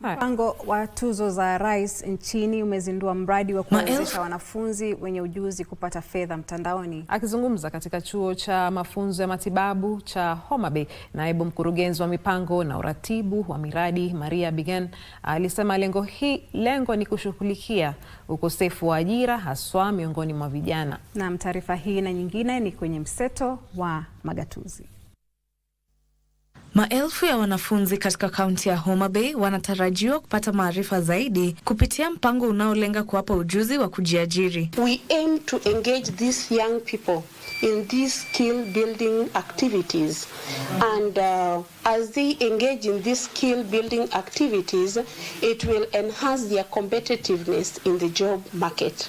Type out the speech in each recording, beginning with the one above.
Mpango wa Tuzo za Rais nchini umezindua mradi wa kuwezesha wanafunzi wenye ujuzi kupata fedha mtandaoni. Akizungumza katika Chuo cha Mafunzo ya Matibabu cha Homabay, naibu mkurugenzi wa mipango na uratibu wa miradi, Maria Bigen, alisema lengo hii lengo ni kushughulikia ukosefu wa ajira haswa miongoni mwa vijana. Naam, taarifa hii na nyingine ni kwenye mseto wa magatuzi. Maelfu ya wanafunzi katika kaunti ya Homa Bay wanatarajiwa kupata maarifa zaidi kupitia mpango unaolenga kuwapa ujuzi wa kujiajiri. We aim to engage these young people in these skill building activities and uh, as they engage in these skill building activities it will enhance their competitiveness in the job market.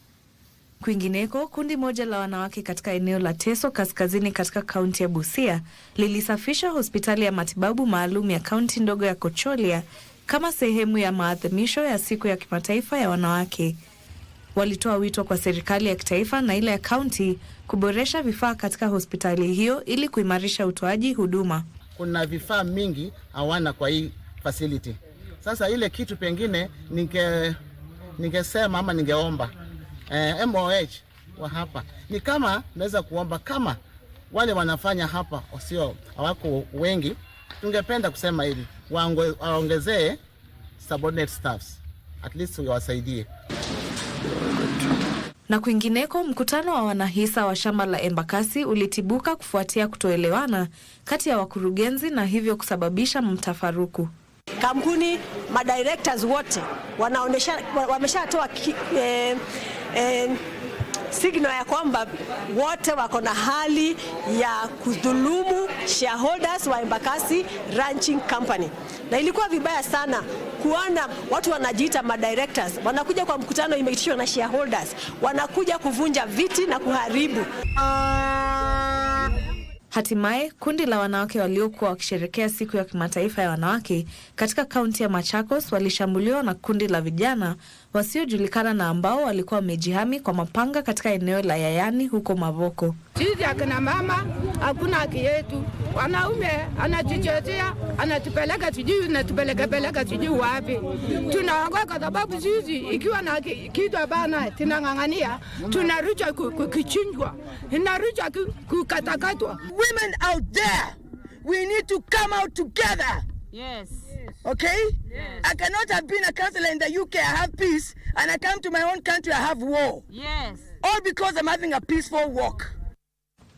Kwingineko, kundi moja la wanawake katika eneo la Teso Kaskazini katika kaunti ya Busia lilisafisha hospitali ya matibabu maalum ya kaunti ndogo ya Kocholia kama sehemu ya maadhimisho ya siku ya kimataifa ya wanawake. Walitoa wito kwa serikali ya kitaifa na ile ya kaunti kuboresha vifaa katika hospitali hiyo ili kuimarisha utoaji huduma. Kuna vifaa mingi hawana kwa hii facility. Sasa ile kitu pengine ninge ningesema ama ningeomba eh, MOH wa hapa ni kama naweza kuomba kama wale wanafanya hapa wasio hawako wengi, tungependa kusema hili waongezee subordinate staffs at least ungewasaidie. Na kwingineko, mkutano wa wanahisa wa shamba la Embakasi ulitibuka kufuatia kutoelewana kati ya wakurugenzi na hivyo kusababisha mtafaruku. Kampuni madirectors wote wameshatoa eh, eh, signal ya kwamba wote wako na hali ya kudhulumu shareholders wa Embakasi Ranching Company, na ilikuwa vibaya sana kuona watu wanajiita madirectors wanakuja kwa mkutano imeitishwa na shareholders, wanakuja kuvunja viti na kuharibu Hatimaye kundi la wanawake waliokuwa wakisherekea siku ya kimataifa ya wanawake katika kaunti ya Machakos walishambuliwa na kundi la vijana wasiojulikana na ambao walikuwa wamejihami kwa mapanga katika eneo la Yayani huko Mavoko. Sisi akina mama hakuna haki yetu wanaume anatuchochea, anatupeleka sijui, natupeleka peleka sijui wapi, tunaongoa kwa sababu sisi ikiwa na kitu bana tunang'ang'ania, tunarucha kuchinjwa, tunarucha kukatakatwa. Women out there we need to come out together. Yes. Okay? Yes. I cannot have been a counselor in the UK. I have peace and I come to my own country I have war. Yes. All because I'm having a peaceful walk.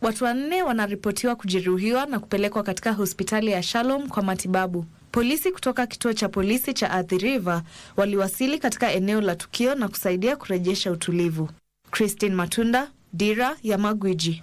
Watu wanne wanaripotiwa kujeruhiwa na kupelekwa katika hospitali ya Shalom kwa matibabu. Polisi kutoka kituo cha polisi cha Athi River waliwasili katika eneo la tukio na kusaidia kurejesha utulivu. Christine Matunda, Dira ya Magwiji.